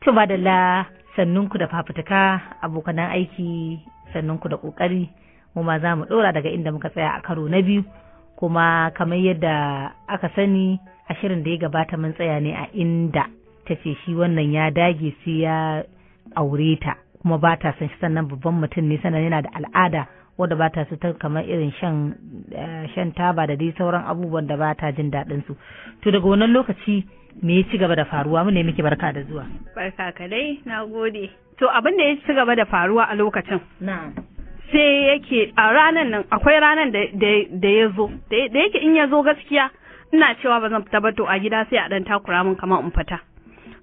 Tuba da la sannunku da fafutuka abokanan aiki sannunku da ƙoƙari mu ma za mu ɗora daga inda muka tsaya a karo na biyu kuma kamar yadda aka sani a shirin da ya gabata mun tsaya ne a inda ta ce shi wannan ya dage sai ya aure ta kuma ba ta son shi sannan babban mutum ne sannan yana da al'ada wanda ba ta ta kamar irin shan eh, shan taba da dai sauran abubuwan da ba ta jin daɗin su to daga wannan lokaci me ya ci gaba da faruwa mu ne muke barka da zuwa barka ka dai nagode to abin da ya ci gaba da faruwa a lokacin na'am sai yake a ranan nan akwai ranan da ya zo da yake in ya zo gaskiya ina cewa ba zan fita ba to a gida sai a dan takura min kamar in fita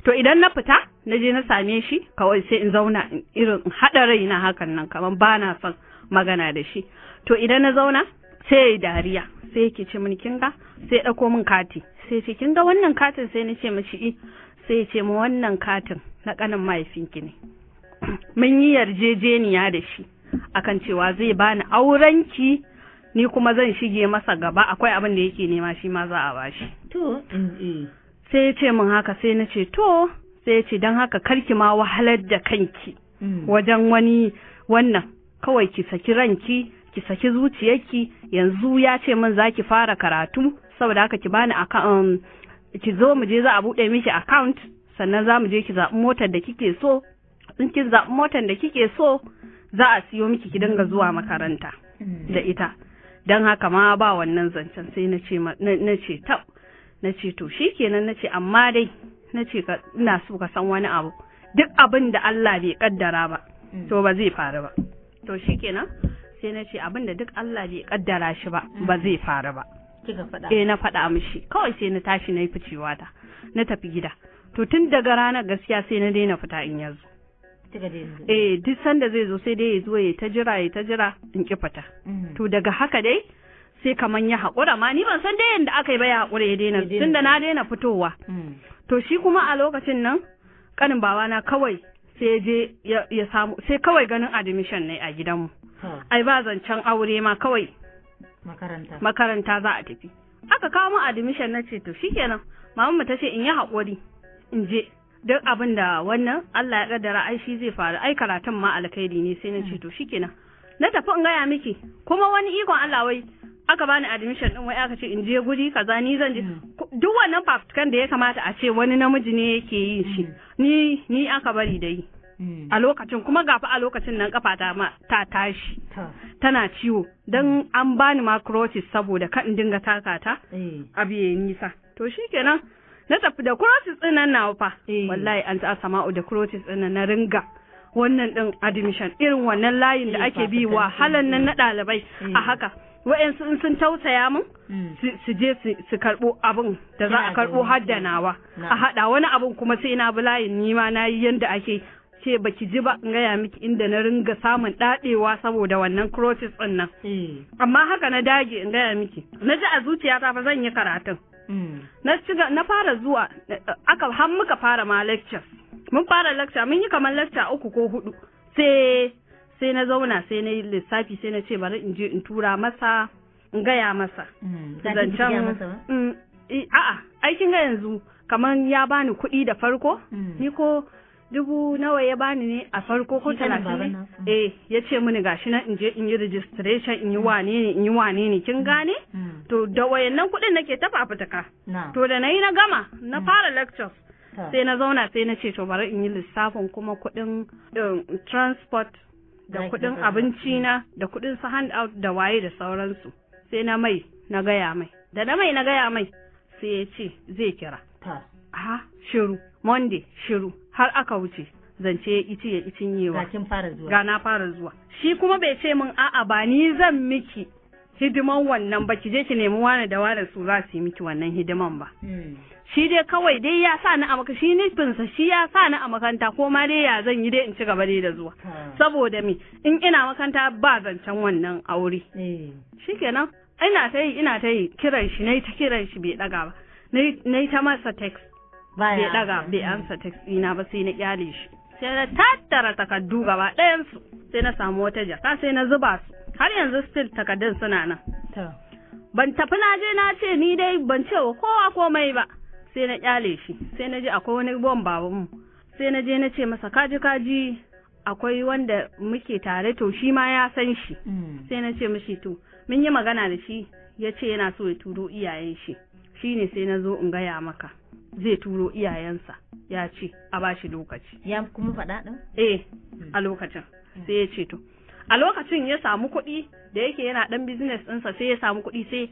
to idan na fita na je na same shi kawai sai in zauna irin in haɗa na hakan nan kamar ba na son magana da shi to idan na zauna sai ya yi dariya sai yake ce mini kin ga sai ɗauko min kati sai ce kin ga wannan katin sai na ce mishi i eh. sai ya ce mu wannan katin na ƙanin mahaifinki ne mun yi yarjejeniya da shi akan cewa zai bani aurenki ni kuma zan shige masa gaba akwai abin da yake nema shi ma za a bashi to eh. sai ya ce min haka sai na ce to sai ya ce don haka karki ma wahalar da kanki hmm. wajen wani wannan kawai ki saki ranki ki saki zuciyarki yanzu ya ce min za ki fara karatu saboda haka ki bani um, ki zo mu je za a buɗe miki account sannan za mu je ki zaɓi motar da kike so in ki zaɓi motar da kike so za a siyo miki ki dinga zuwa makaranta hmm. da ita don haka ma ba wannan zancen sai na ce na na ce to shikenan na ce amma dai na ce ina so ka san wani abu duk abin da Allah bai kaddara ba to ba zai faru ba to shikenan sai na ce abin da duk Allah bai kaddara shi ba ba zai faru ba eh na faɗa mishi kawai sai na tashi na yi ficewa ta na tafi gida to tun daga ranar gaskiya sai na daina fita in yanzu eh duk sanda zai zo sai dai ya zo ya ta jira ya ta jira in ki fita mm. to daga haka dai sai kaman ya haƙura ma ni ban san dai yadda aka yi ba ya haƙura ya daina da na daina fitowa mm. to shi kuma a lokacin nan kanin na kawai sai je ya samu sai kawai ganin admission ne a gidanmu ai ba zancen aure ma kawai makaranta makaranta za a tafi aka kawo mu admission na ce to shikenan mu ta ce in yi haƙuri in je duk abin da wannan Allah ya kaddara ai shi zai faru ai karatun ma alkhairi ne sai na ce to shikenan na tafi in gaya miki kuma wani ikon Allah wai aka bani admission din wai aka ce in je guri kaza ni zan je mm. duk wannan fafutukan da ya kamata a ce wani namiji ne yake yin shi mm. ni ni aka bari da yi mm. a lokacin kuma gafi a lokacin nan kafa ta ma ta tashi tana ciwo dan an bani macrosis saboda kan dinga taka ta eh. biye nisa to shikenan na tafi da crosses din nan nawa fa eh. wallahi an ta sama'u da crosses din nan na ringa wannan din admission irin wannan layin da eh, ake bi halan nan na dalibai a haka wa'yansu in sun tausaya min mm. su je su karɓo abin da za a karɓo haddanawa a haɗa wani abin kuma sai na bi ni ma na yi yadda ake ce baki ji ba in gaya miki inda na ringa samun dadewa saboda wannan crosses din nan eh. amma haka na dage in gaya miki na ji a zuciyata fa zan yi karatun mm. na shiga na fara zuwa aka har muka fara ma lectures mun fara lecture mun yi kamar lecture uku ko hudu sai sai na zauna sai na yi lissafi sai na ce bari in je in tura masa in gaya masa mm, zancen mm, eh, a'a aikin ga yanzu kamar ya bani kuɗi da farko mm. ni ko dubu nawa ya bani ne a farko ko talatin ne eh ya ce mini gashi na in je in yi registration in yi wane ne in yi wane ne kin gane to da wayannan kuɗin nake ta fafutuka to da nayi na gama na fara lectures sai na zauna sai na ce to bari in yi lissafin kuma kuɗin um, transport da kuɗin abinci na da kuɗin su hand out da waye da sauransu sai na mai na gaya mai da na mai na gaya mai sai ya ce zai kira ha shiru monday shiru har aka wuce zance ya ici ya icin yewa ga na fara zuwa shi kuma bai ce min a'a ba ni zan miki hidiman wannan ba ki je ki nemi wani da wani su za su yi miki wannan hidiman ba hmm. shi dai kawai dai ya sa ni a maka shi nufinsa shi ya sa ni a makanta ko ma dai ya zan yi dai in ci gaba dai da zuwa saboda me in ina makanta ba zancen wannan aure eh. kenan ina ta yi ina ta yi kiran shi na yi ta kiran shi bai daga ba na yi ta masa text bai daga bai amsa hmm. text ina ba sai na kyale shi sai na tattara takardu gaba ɗayan su sai na samu wata jaka sai na zuba su har yanzu still takardun suna nan ban tafi na je na ce ni dai ban ce wa kowa komai ba sai na kyale shi sai na ji akwai wani bon babanmu sai na je na ce masa kaji kaji akwai wanda muke tare to shi ma ya san shi mm. sai na ce mishi to mun yi magana da shi ya ce yana so ya turo iyayen shi shi ne sai na zo in gaya maka zai turo iyayensa ya ce a ba shi lokaci ya kuma faɗa ɗin eh a mm. lokacin mm. sai ya ce to a lokacin ya samu kuɗi da yake yana ɗan business ɗinsa sai ya samu kuɗi sai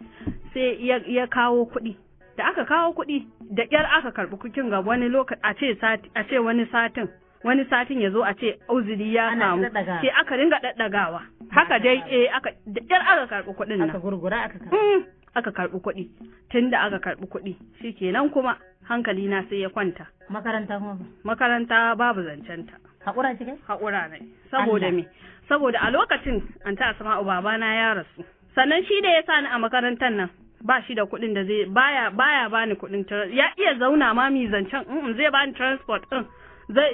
sai ya kawo kuɗi da aka kawo kuɗi da ƙyar aka karɓi kukin ga wani lokaci a ce a ce wani satin wani satin ya zo a ce auziri ya samu sai aka ringa ɗaɗɗagawa haka dai eh aka da ƙyar aka karɓi kuɗin nan aka gurgura aka karɓi mm, aka karɓi kuɗi tunda aka karɓi kuɗi shikenan kuma hankali na sai ya kwanta makaranta kuma makaranta babu zancenta haƙura kike haƙura ne saboda me saboda a lokacin an ta baba babana ya rasu sannan shi da ya sa ni a makarantar nan ba shi da kuɗin da zai baya baya bani kuɗin ya iya zauna ma mi zancen in zai bani transport din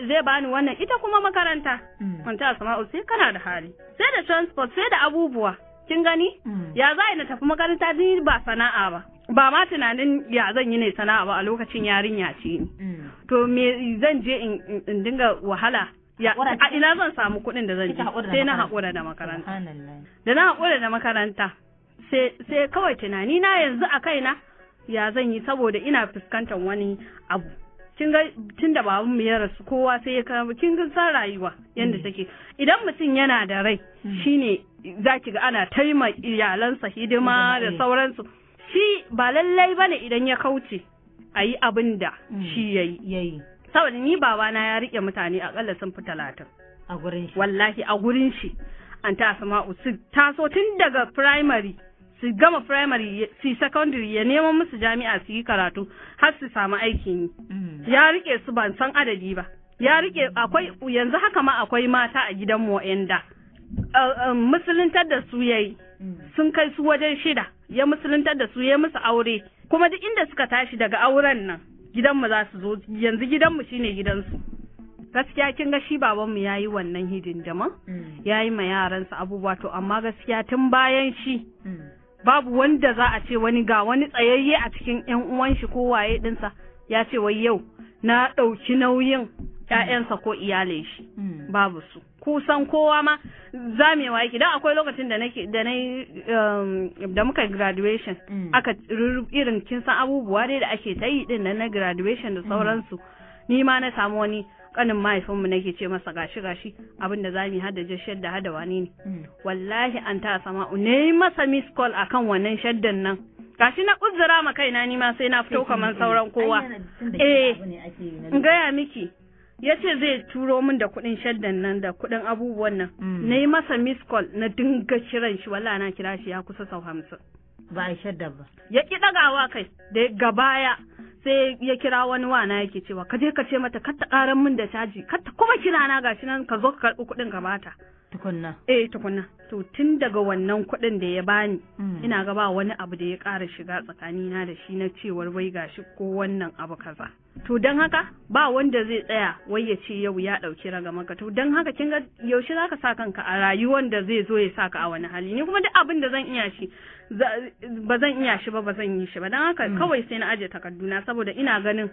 zai bani wannan ita kuma makaranta mm. an ta asma'u sai kana da hali sai da transport sai da abubuwa kin gani mm. ya za na tafi makaranta ni ba sana'a ba ba ma tunanin ya zan yi ne sana'a ba a lokacin yarinya ce ni mm. to me zan je in dinga wahala a ina zan samu kuɗin da zan je sai na haƙura da makaranta da na haƙura da makaranta sai kawai tunani na yanzu a kaina ya zan yi saboda ina fuskantar wani abu kin ga tun da babu mu ya rasu kowa sai ya kama kin ga san rayuwa yanda mm. take idan mutum yana da rai mm. shine zaki ga ana taima iyalansa hidima da eh. sauransu shi ba lallai bane idan ya kauce a yi abin da mm. shi yayi saboda ni babana ya rike mutane akalla sun fi talatin a gurin shi wallahi a gurin shi an ta sama'u su taso tun daga primary su gama primary su secondary ya neman musu jami'a su yi karatu har su samu aikin yi mm. ya rike su ban san adadi ba ya rike akwai yanzu haka ma akwai mata a gidan mu da musuluntar da su yayi mm. sun kai su wajen shida ya musuluntar da su ya musu aure kuma duk inda suka tashi daga auren nan gidanmu za su zo yanzu gidan mu shine gidansu gaskiya kin ga shi babanmu ya yi wannan hidin mm. ya yi ma yaransa abubuwa to amma gaskiya tun bayan shi mm. babu wanda za a ce wani ga wani tsayayye a cikin yan uwan shi ko waye dinsa ya ce wai yau na ɗauki nauyin ƴaƴansa ko iyalin shi mm. babu su kusan kowa ma zamewa yake don akwai lokacin da nake da na um, da muka graduation mm. aka irin kin san abubuwa dai da ake ta yi din na graduation da mm. sauransu ni ma na samu wani kanin mahaifinmu nake ce masa gashi gashi abinda za mu hada jashiyar shadda hada wani ne mm. wallahi an ta sama. ne masa miss call akan wannan shaddan nan gashi na uzura ma kaina ni ma sai na fito kamar sauran eh, kowa eh in gaya miki ya ce zai turo min da kuɗin shaddan nan da kuɗin abubuwan nan mm. na yi masa miss call na dinga kiran shi wala na kira shi ya kusa sau hamsin ba a shaddan ba ya ki ɗagawa kai da baya sai ya kira wani wana yake cewa ka je ka ce mata kar ta ƙaran min da caji kar ta kuma kira na gashi nan ka zo ka karɓi kuɗin ka bata tukunna eh tukunna to tun daga wannan kuɗin da ya bani mm. ina ga ba wani abu da ya ƙara shiga tsakanina da shi na cewar wai gashi ko wannan abu kaza to don haka ba wanda zai tsaya wai ya ce yau ya ɗauki ragamaka to don haka kin ga yaushe zaka sa kanka a rayuwar da zai zo ya saka a wani hali ni kuma duk abin da zan iya shi ba zan iya shi ba ba zan yi shi ba don haka mm. kawai sai na aje takarduna saboda ina ganin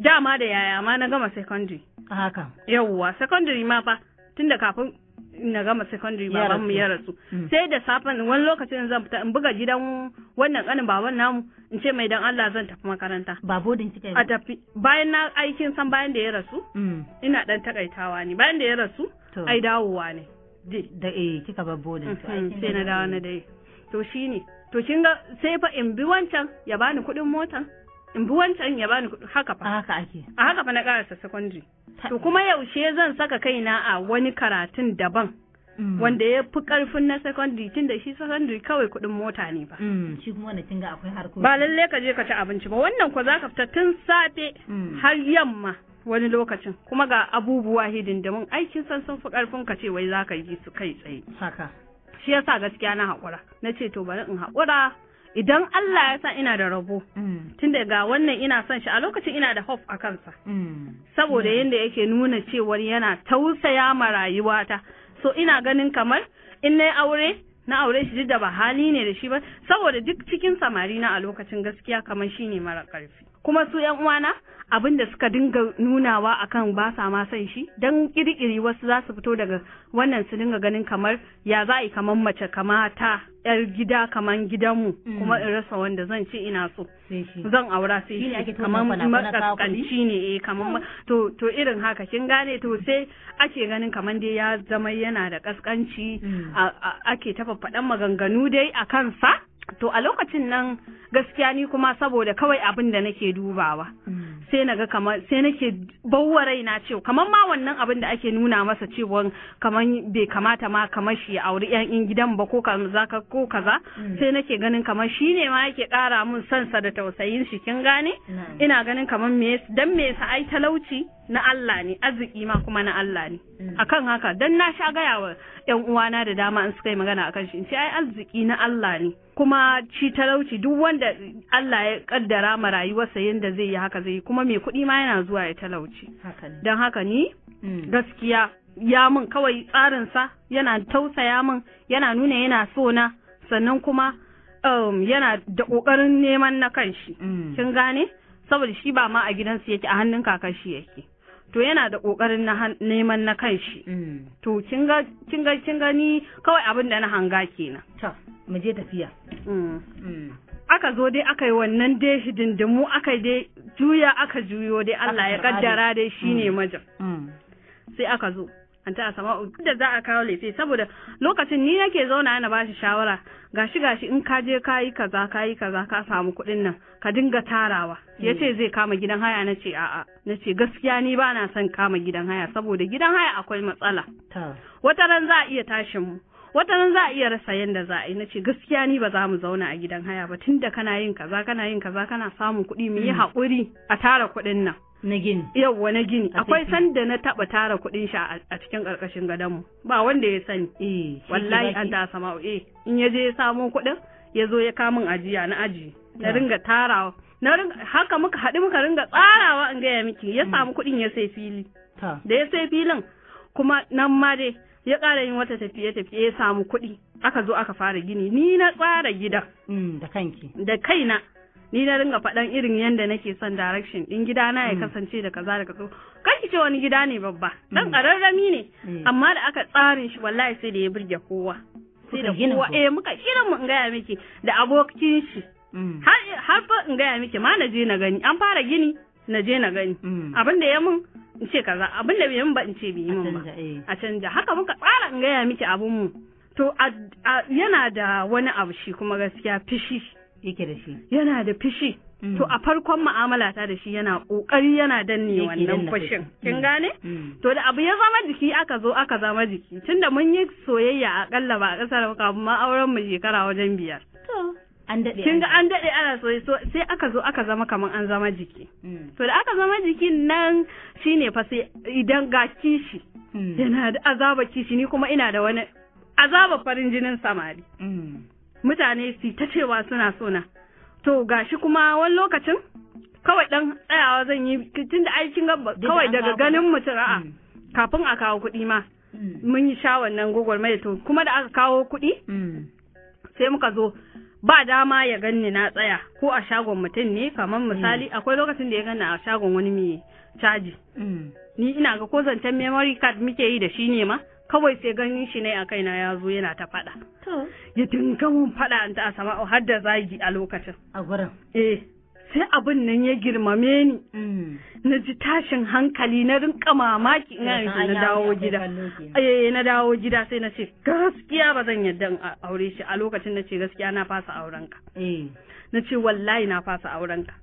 dama da yaya ma na gama secondary haka yawwa secondary ma fa tun da kafin na gama secondary baban mu ya rasu mm. sai da safen wani lokacin zan fita in buga gidan wannan kanin baban namu in ce mai dan Allah zan tafi makaranta ba bodin kike a tafi bayan na aikin san bayan da ya rasu mm. ina dan takaitawa ne bayan da ya rasu ai dawowa ne da eh kika ba bodin mm-hmm. sai na dawo na eh. dai to shine to kin ga sai fa in bi wancan ya bani kuɗin motan in bi wancan ya bani kudi haka fa haka ake a haka fa na karasa secondary to kuma yaushe zan saka kaina a wani karatun daban mm. wanda ya fi karfin na secondary tun da shi secondary kawai kuɗin mota ne ba mm, shi kuma wanda akwai harkoki ba lalle ka je ka ci abinci ba wannan ko zaka fita tun safe mm. har yamma wani lokacin kuma ga abubuwa hidindimin aikin san sun fi karfin ka ce wai zaka yi su kai tsaye haka shi yasa gaskiya na haƙura na ce to bari in haƙura idan Allah ya san ina da rabo mm. Tun daga wannan ina son shi a lokacin ina da hope a kansa mm. saboda mm. yadda yake nuna cewar yana tausaya ma rayuwata so ina ganin kamar in na aure na aure shi da ba hali ne da shi ba saboda duk cikin samari na a lokacin gaskiya kamar shi ne mara karfi kuma su yan uwana abin da suka dinga nunawa akan ba sa ma son shi don kirkiri wasu za su fito daga wannan su dinga ganin kamar ya za a yi kamar mace kama ta yar gida kamar gidanmu mm. kuma in rasa wanda zan ce ina so zan aura sai shi kamar ne eh kamar to to irin haka kin gane to sai ake ganin kamar dai ya zama yana da kaskanci mm. ake ta faɗan maganganu dai a kansa to a lokacin nan gaskiya ni kuma saboda kawai abin da nake dubawa mm. sai naga kamar sai nake bawwa raina cewa kamar ma wannan abin da ake nuna masa cewa kamar bai kamata ma kamar shi ya auri yan in gidan ba ko kaza ko kaza mm. sai nake ganin kamar shine ne ma yake kara mun sansa da tausayin shi kin gane ina ganin kamar me dan me yasa ai talauci na Allah ne arziki ma kuma na Allah ne mm. akan haka dan na sha gaya wa yan uwana da dama in suka yi magana akan shi in ce ai arziki na Allah ne kuma ci talauci duk wanda Allah ya kaddara ma rayuwarsa yanda zai yi haka zai yi kuma mai kuɗi ma yana zuwa ya talauci don haka ni mm. gaskiya ya min kawai tsarinsa yana tausaya min yana nuna yana so na sannan kuma um, yana da ƙoƙarin neman na kan shi. Mm. kin gane saboda shi ba ma a gidansu yake a hannun kakar shi yake to yana da kokarin neman na kan shi mm. to kin ga kin gani kawai abin da na hanga kenan to mu je tafiya mm. Mm. aka zo dai aka yi wannan dai hidindimu aka dai juya aka juyo dai Allah ya kaddara dai shine majin sai aka zo an ta sama da za a kawo lefe saboda lokacin ni nake zauna yana bashi shawara gashi gashi in ka je ka yi kaza ka yi kaza ka samu kuɗin nan ka dinga tarawa mm. ya ce zai kama gidan haya na ce a'a na ce gaskiya ni ba na son kama gidan haya saboda gidan haya akwai matsala wata ran za a iya tashin mu wata ran za a iya rasa yadda za a yi na ce gaskiya ni ba za mu zauna a gidan haya ba tunda kana yin kaza kana yin kaza kana samun kuɗi mu yi mm. haƙuri a tara kuɗin nan na gini yawwa na gini akwai sanda na taba tara kuɗin shi a cikin karkashin gadonmu ba wanda ya sani eh, wallahi an ta sama eh in ya je ya samo kudin ya zo ya kamun ajiya na aji na ringa tarawa na ringa haka muka haɗu muka ringa tsarawa in gaya miki ya hmm. samu kudin ya sai fili da ya sai filin kuma nan ma dai ya ƙara yin wata tafiye tafiye ya samu kuɗi aka zo aka fara gini ni na tsara gidan hmm, da kanki da kaina ni na ringa faɗan irin yadda nake son direction din gida na ya mm. kasance da kaza da kaso kan ki ce wani gida ne babba mm. dan kararrami ne mm. amma da aka tsarin shi wallahi sai da ya burge kowa sai da kowa eh muka kiran mu in gaya miki da abokin shi har fa in gaya miki ma na je na gani an fara gini na je na gani abin da ya mun in ce kaza abin da bai mun ba in ce bai mun ba eh. a canja haka muka tsara in gaya miki abun mu to yana da wani abu shi kuma gaskiya fishi yake da shi yana da fishi mm. to a farkon mu'amala ta da shi yana kokari yana danne wannan fushin kin mm. gane mm. to da abu ya zama jiki aka zo aka zama jiki tunda mun yi soyayya kalla ba a kasar kafin ma auren mu shekara wajen biyar an dade kin ga an dade ana so sai aka zo aka zama kaman an zama jiki to da aka zama jikin nan shine fa sai idan ga kishi yana da azaba kishi ni kuma ina da wani azaba farin jinin samari mutane su ta cewa suna sona to gashi kuma wani lokacin kawai dan tsayawa zan yi kitin da aikin gaba kawai daga ganin mutum a'a mm. kafin a kawo kuɗi ma mm. mun yi sha wannan mai to kuma da aka kawo kuɗi mm. sai muka zo ba dama ya ganni na tsaya ko a shagon mutum ne kamar misali akwai lokacin da ya gani a shagon wani mai caji ni ina ga ko zancen memory card muke yi da shi ne ma kawai sai ganin shi ne a kaina ya zo yana ta faɗa. Ya dinga mun faɗa ta sama har da zagi a lokacin. A gurin. Eh. Sai abin nan ya girmame ni. Mm. Na ji tashin hankali na rinka mamaki ina yanzu na dawo gida. Eh, eh na dawo gida sai na ce gaskiya ba zan yarda in aure shi a lokacin na ce gaskiya na fasa aurenka. Eh. Na ce wallahi na fasa aurenka.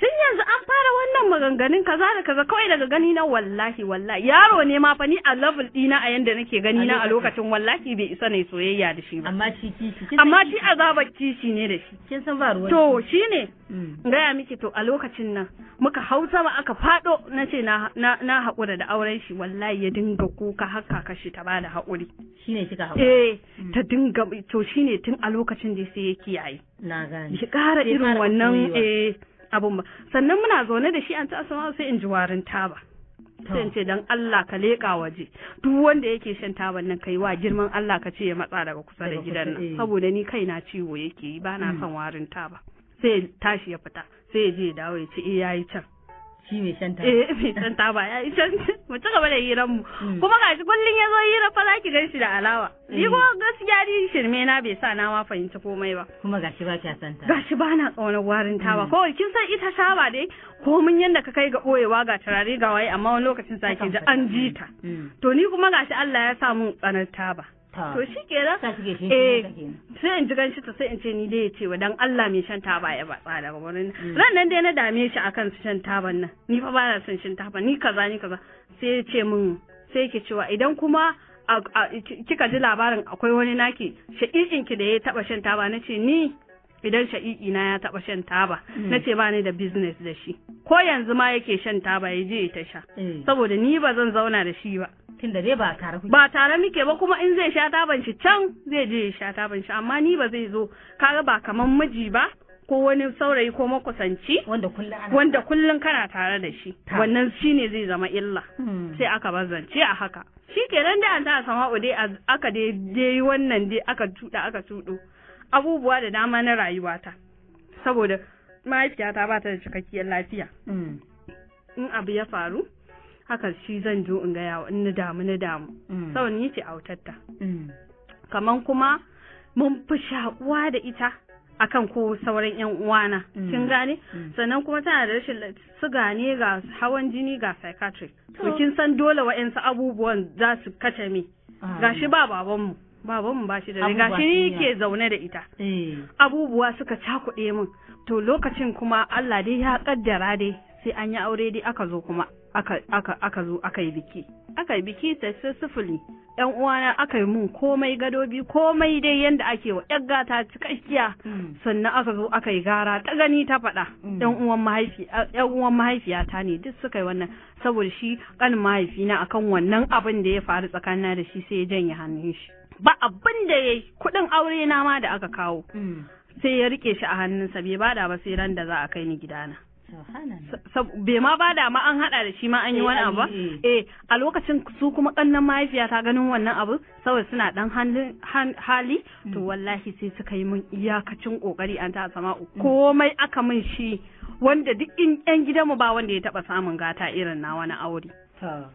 tun yanzu an fara wannan maganganun kaza da kaza kawai daga gani na wallahi wallahi yaro ne ma fa ni a level dina a yanda nake gani na a lokacin wallahi bai isa ne soyayya da shi ba amma shi kishi amma shi azabar kishi ne da shi kin san ba ruwa to shine mm. gaya miki to a lokacin nan muka hausa ba aka fado na na na na haƙura da auren shi wallahi ya dinga kuka haka kashi ta bada haƙuri shine kika haƙura eh mm. ta dinga to shine tun a lokacin da sai ya kiyaye na gane ya ƙara irin wannan eh abun ba sannan muna zaune da shi an ta asama sai in ji warin taba sai in ce dan Allah ka leƙa waje duk wanda yake shan taban nan kai wa girman Allah ka ce ya matsa daga kusa da gidan nan eh. saboda ni kai na ciwo yake yi ba na hmm. son warin taba sai tashi ya fita sai ya je ya dawo ya ce eh yayi can shi mai shan taba eh mai shan taba ya shan mu ci gaba da hirar mu mm. kuma gashi kullun yazo hirar fa zaki gan shi da alawa ni mm. ko gaskiya ni shirme na bai sa na ma fahimci komai ba kuma gashi ba ki san gashi ba na warin taba mm. ko kin san ita taba dai mun yanda ka kai ga boyewa ga turare ga waye amma wani lokacin ki ji an ji ta to ni kuma gashi Allah ya sa mun tsanar taba to shi kenan eh sai in ji ganshi ta sai in ce ni dai ya ce wa dan Allah mai shan taba ya ba tsada ba wani mm. ran nan dai na dame shi akan shan taban nan ni fa ba na son shan taba ni kaza ni kaza sai ya ce min sai yake cewa idan kuma kika ji labarin akwai wani naki sha'i'in ki da ya taba shan taba na ce ni idan sha'i'i na ya taba shan taba mm. na ce ba ni da business da shi ko yanzu ma yake shan taba ya je ya ta sha eh. saboda ni ba zan zauna da shi ba lokacin da dai ba tare ba tare muke ba kuma in zai sha taban shi can zai je ya sha taban shi amma ni ba zai zo kaga ba kaman miji ba ko wani saurayi ko makusanci wanda kullum kana tare da shi wannan shine zai zama illa hmm. sai aka bazance a haka shikenan dai an ta sama dai aka dai wannan dai aka tuda aka tudo abubuwa da dama na rayuwata saboda mahaifiyata ba ta da cikakkiyar lafiya hmm. in abu ya faru haka shi zan jo in gaya wa ni damu na damu mm. sau ni ce autatta mm. kaman kuma mun fi shakuwa da ita akan ko sauran yan uwana mm. kin gane sannan kuma tana da rashin suga ne ga hawan jini ga psychiatric to kin san dole wa'ansu abubuwan za su kace me ah, gashi ba babanmu babanmu ba shi da gashi ni ke zaune da ita eh. abubuwa suka cakuɗe min to lokacin kuma Allah dai ya kaddara dai sai an yi aure dai aka zo kuma aka zo aka yi biki aka yi biki ta sifili yan uwana aka yi mun komai gadobi komai dai yadda ake wa yar gata cikakkiya mm. sannan aka zo aka yi gara ta gani ta faɗa mm. yan uwan mahaifi yan mahaifiyata ne duk suka yi wannan saboda shi kan mahaifina akan wannan abin da ya faru tsakanin da shi sai ya janye hannun shi ba abin da yi kuɗin aure na ma da aka kawo mm. sai ya rike shi a hannunsa bai bada ba sai ran da za a kai ni gidana bai ma ba da ma an hada da shi ma an yi eh, wani abu ba eh a lokacin su kuma kannan mahaifiya ta ganin wannan abu saboda suna ɗan hali to hmm. wallahi sai suka yi min iyakacin kokari an ta sama hmm. komai aka min shi wanda duk in yan gidanmu ba wanda ya taba samun gata irin na wani aure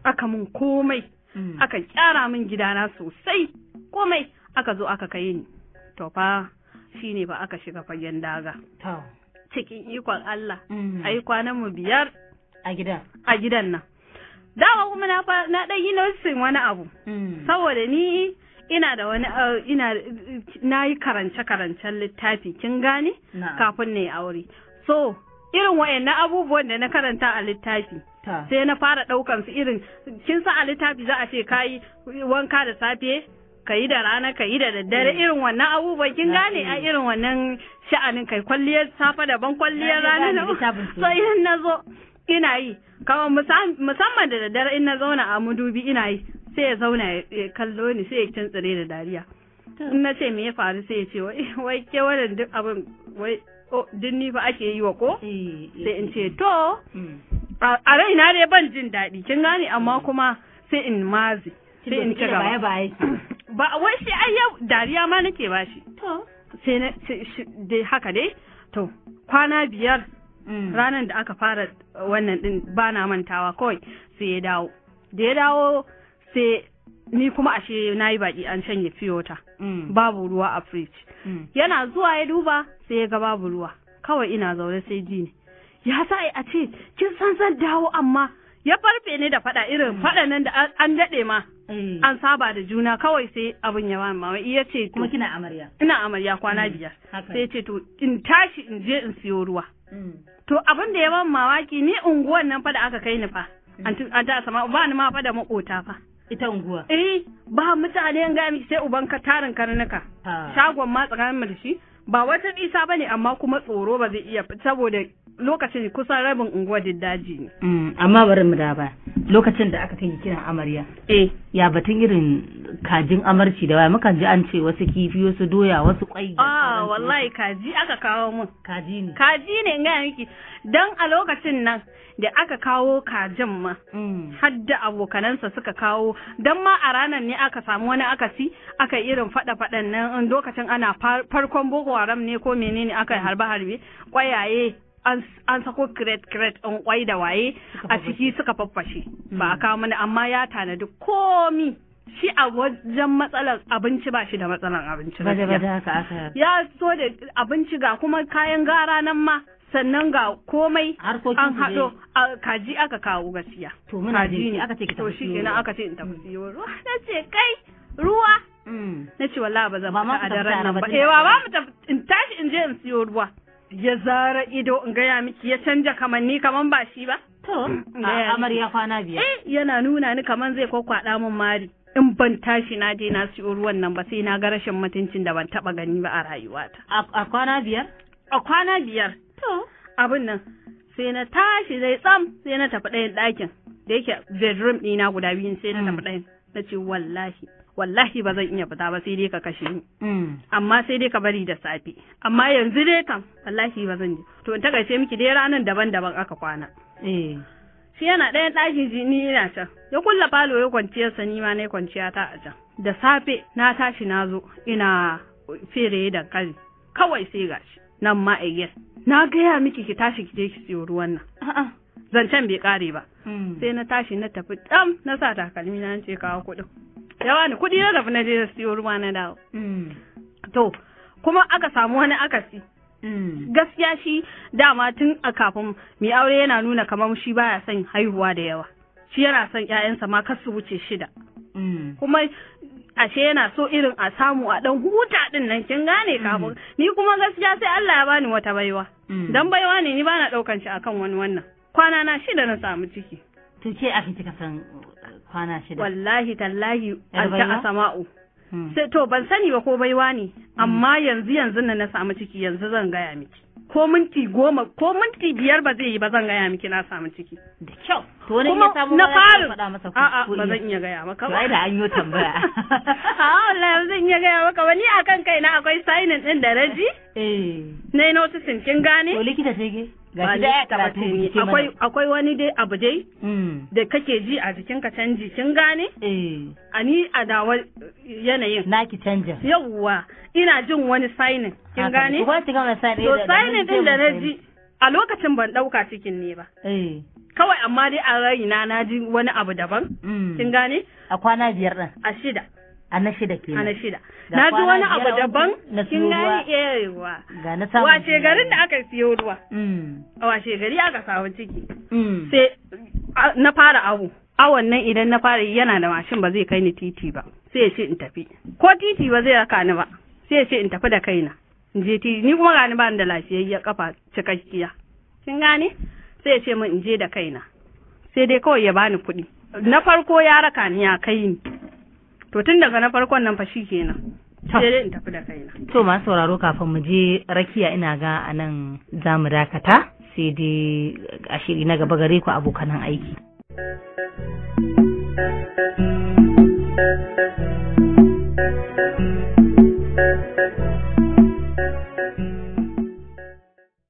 aka min komai hmm. aka kyara min gidana sosai komai aka zo aka kai ni to fa shine ba aka shiga fagen daga cikin ikon Allah mm. ai kwanan mu biyar a gidan nan dawa kuma na na yi nursing wani abu mm. saboda ni ina da wani uh, ina na yi karance karancen littafi kin gane kafin na yi aure so irin na abubuwan da na karanta a littafi sai na fara ɗaukan su irin kin sa a littafi za a ce kayi wanka da safe ka yi da rana ka yi da daddare mm. irin wannan abubuwa kin gane a irin wannan sha'anin kai kwalliyar safa daban kwalliyar rana na so idan na zo ina yi kawo musamman da daddare in na zauna a mudubi ina yi sai ya zauna ya kallo ni sai ya kintsire da dariya in na ce me ya faru sai ya ce wai ke wannan duk abin wai duk ni fa ake yi wa ko eh, eh, sai in ce eh. to mm. a raina dai ban jin daɗi kin gane amma mm. kuma sai in mazi sai in ci gaba ba wai shi ai yau dariya ma nake ba shi to sai na dai haka dai to kwana biyar mm. ranar da aka fara uh, wannan din ba na mantawa kawai sai ya dawo da ya dawo sai ni kuma ashe na yi baki an shanye fiyota mm. babu ruwa a fridge mm. yana zuwa ya duba sai ya ga babu ruwa kawai ina zaune sai ji ne ya sa a ce kin san zan dawo amma ya farfe ne da faɗa irin mm. faɗa nan da an daɗe ma mm. an saba da juna kawai sai abin ya bani mawa iya ce kuma kina amarya ina amarya kwana mm. biyar sai ce to in tashi in je in siyo ruwa to abin da ya bani mamaki ni unguwan nan fa da aka kai ni fa an ta sama ba ni ma fa da makota fa ita unguwa eh ba mutane ga mi sai uban ka tarin karnuka ah. shagon ma tsakanin mu da shi ba wata nisa bane amma kuma tsoro ba zai iya saboda lokacin kusan rabin unguwar daji ne mm, amma bari mu da ba lokacin da aka kai kiran amarya eh ya batun irin kajin amarci da waya mukan ji an ce wasu kifi wasu doya wasu kwai ah wallahi kaji aka kawo mun kaji ne kaji ne in gaya miki dan a lokacin nan da aka kawo kajin ma mm. har da abokanansa suka kawo dan ma a ranar ne aka samu wani akasi aka irin fada fadan nan lokacin ana farkon boko haram ne ko menene aka harbe harbe kwayaye an sako kiret kiret an kwai da waye a ciki suka faffashe ba a hmm. kawo mana amma ya tanadi komi shi a wajen matsalar abinci ba shi da matsalar abinci ya so da abinci ga kuma kayan gara nan ma sannan ga komai an haɗo kaji aka kawo gaskiya kaji ne aka ce ki tafi shi kenan aka ce in tafi siyo hmm. ruwa na ce kai ruwa hmm. na ce wallahi ba zan ba a daren nan ba eh ba mu tafi in tashi in je in siyo ruwa ya zara ido in gaya miki ya canja kamanni kaman ba shi ba? To, mm. eh, amarya kwana biyar. Eh, yana nuna ni kaman zai kwakwaɗa min mari. In ban tashi na je na siyo ruwan nan ba sai na ga rashin mutuncin da ban taba gani ba a rayuwata. A kwana biyar? A kwana biyar. To. Abin nan, sai na tashi zai tsam sai na tafi ɗayan ɗakin. Da yake bedroom ɗina guda biyu sai na tafi mm. ɗayan. Na ce wallahi wallahi ba zan iya fita ba sai dai ka kashe ni mm. amma sai dai ka bari da safe amma yanzu dai kam wallahi ba zan je to in takaice miki dai ranar daban-daban aka kwana eh. shi yana ɗaya ɗakin ji ni ina can ya kulla falo ya kwanciya sa ni ma na kwanciya ta a can da safe na tashi na zo ina fere dankali kawai sai gashi nan ma a yes na gaya miki ki tashi ki je ki siyo ruwan nan zancen bai kare ba mm. sai na tashi na tafi dam na sa takalmi na ce kawo kuɗin yawa ne kuɗi na tafi na je na siyo ruwa na dawo mm. to kuma aka samu wani akasi mm. gaskiya shi dama tun a kafin mai aure yana nuna kamar shi baya son haihuwa da yawa shi yana son ƴaƴansa ma kar su wuce shida mm. kuma ashe yana so irin a samu a ɗan huta ɗin nan kin gane kafin ni kuma gaskiya sai Allah ya bani wata baiwa dan baiwa ne ni bana ɗaukan shi akan wani wannan kwana na shida na samu ciki to ke a kika san kwana shida wallahi tallahi an ta hmm. sai to ban sani ba ko baiwa ne hmm. amma yanzu yanzu na samu ciki yanzu zan gaya miki ko minti goma ko minti biyar ba zai yi ba zan gaya miki na samu ciki da kyau to wani ya samu na fara faɗa masa ko a'a ba zan iya gaya maka ba da an yi tambaya a wallahi ba zan iya gaya maka ba ni akan kaina akwai signing din da raji eh na yi notice kin gane to likita sai ke ba da ya akwai akwai wani dai abu dai hmm. da kake ji a ka canji kin gane eh ani a dawa yanayin naki canja yawwa ina jin wani signing kin gane ba ki ga to signing din da na ji a lokacin ban dauka cikin ne ba eh. kawai amma dai a raina na ji wani abu daban hmm. kin gane a kwana biyar din a shida a na shida ke a na shida na ji wani abu daban kin gani eh, yayewa ga na samu washe garin da aka siyo ruwa mm. a washe gari aka samu ciki mm. sai na fara abu awon nan idan na fara yana da mashin ba zai kai ni titi ba sai ya ce in tafi ko titi ba zai raka ni ba sai ya ce in tafi da kaina in je titi ni kuma gani ba ni da lafiyayya kafa cikakkiya kin gani? sai ya ce min in je da kaina sai dai kawai ya bani kuɗi na farko ya raka ni ya kai ni to tun daga na farkon nan fa kenan sai in tafi da kaina to ma sauraro kafin mu je rakiya ina ga anan zamu dakata sai dai a shiri na gaba gare ku abokanan aiki